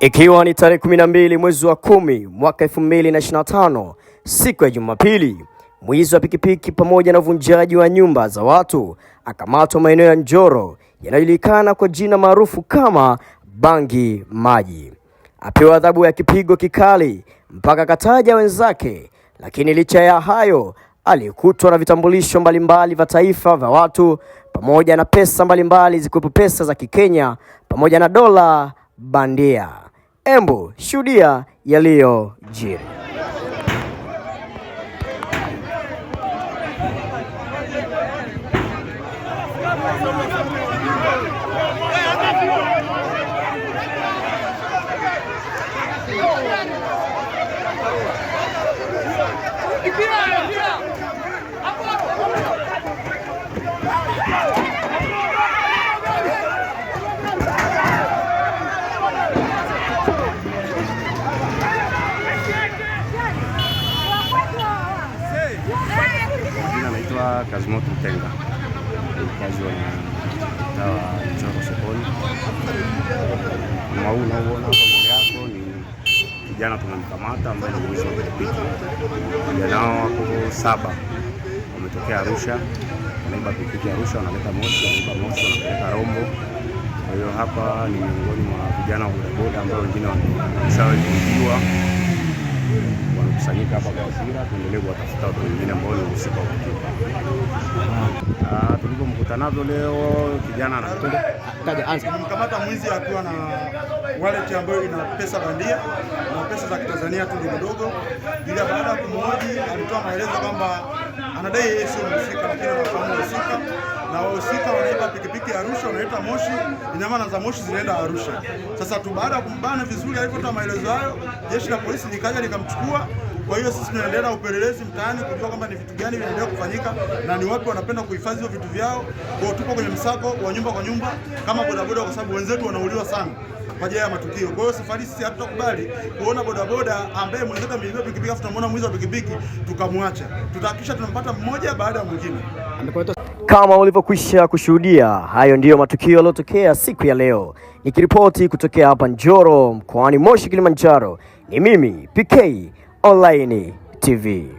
Ikiwa ni tarehe mbili mwezi wa kumi mwaka tano siku ya Jumapili, mwizi wa pikipiki pamoja na uvunjaji wa nyumba za watu akamatwa maeneo ya Njoro yanayojulikana kwa jina maarufu kama Bangi Maji, apewa adhabu ya kipigo kikali mpaka kataja wenzake, lakini licha ya hayo alikutwa na vitambulisho mbalimbali vya taifa vya watu pamoja na pesa mbalimbali zikiwepo pesa za Kikenya pamoja na dola bandia. embo Embu, Yalio Jir. Kazimoto Mtenga, kazi wa mtaa wa Njoro sokoni. Mwauu unaoona hapa mbele yako ni kijana tumemkamata, ambaye ni mwizi wa pikipiki. Vijana hao wako saba, wametokea Arusha, wanaiba pikipiki Arusha, wanaleta Moshi, wanaiba Moshi wanapeleka Rombo. Kwa hiyo hapa ni miongoni mwa vijana wa bodaboda ambao wengine wameshawahi kuibiwa wanakusanyika hapa kwa hasira, tuendelee kuwatafuta watu wengine ambao ni wahusika wa tukio. Ah, tulivyomkuta navyo leo, kijana anamkamata mwizi akiwa na wallet ambayo ina pesa bandia na pesa za Kitanzania tu ndogo. Bila baada ya kumhoji, alitoa maelezo kwamba anadai yeye sio mhusika, lakini anafahamu wahusika na wahusika pikipiki Arusha unaleta Moshi, nyamana za Moshi zinaenda Arusha. Sasa tu baada ya kumbana vizuri, alivyotoa maelezo hayo, jeshi la polisi likaja likamchukua. Kwa hiyo sisi tunaendelea na upelelezi mtaani kujua kwamba ni vitu gani vinaendelea kufanyika na ni wapi wanapenda kuhifadhi hivyo vitu vyao. Kwa tupo kwenye msako wa nyumba kwa nyumba kama bodaboda, kwa sababu wenzetu wanauliwa sana kwa ajili ya matukio. Kwa hiyo safari sisi hatutakubali kuona bodaboda ambaye mwenzetu ameingia pikipiki afu tunamwona mwizi wa pikipiki tukamwacha. Tutahakikisha tunampata mmoja baada ya mwingine. Kama ulivyokwisha kushuhudia, hayo ndiyo matukio yaliyotokea siku ya leo. Nikiripoti kutokea hapa Njoro mkoani Moshi, Kilimanjaro, ni mimi PK Online TV.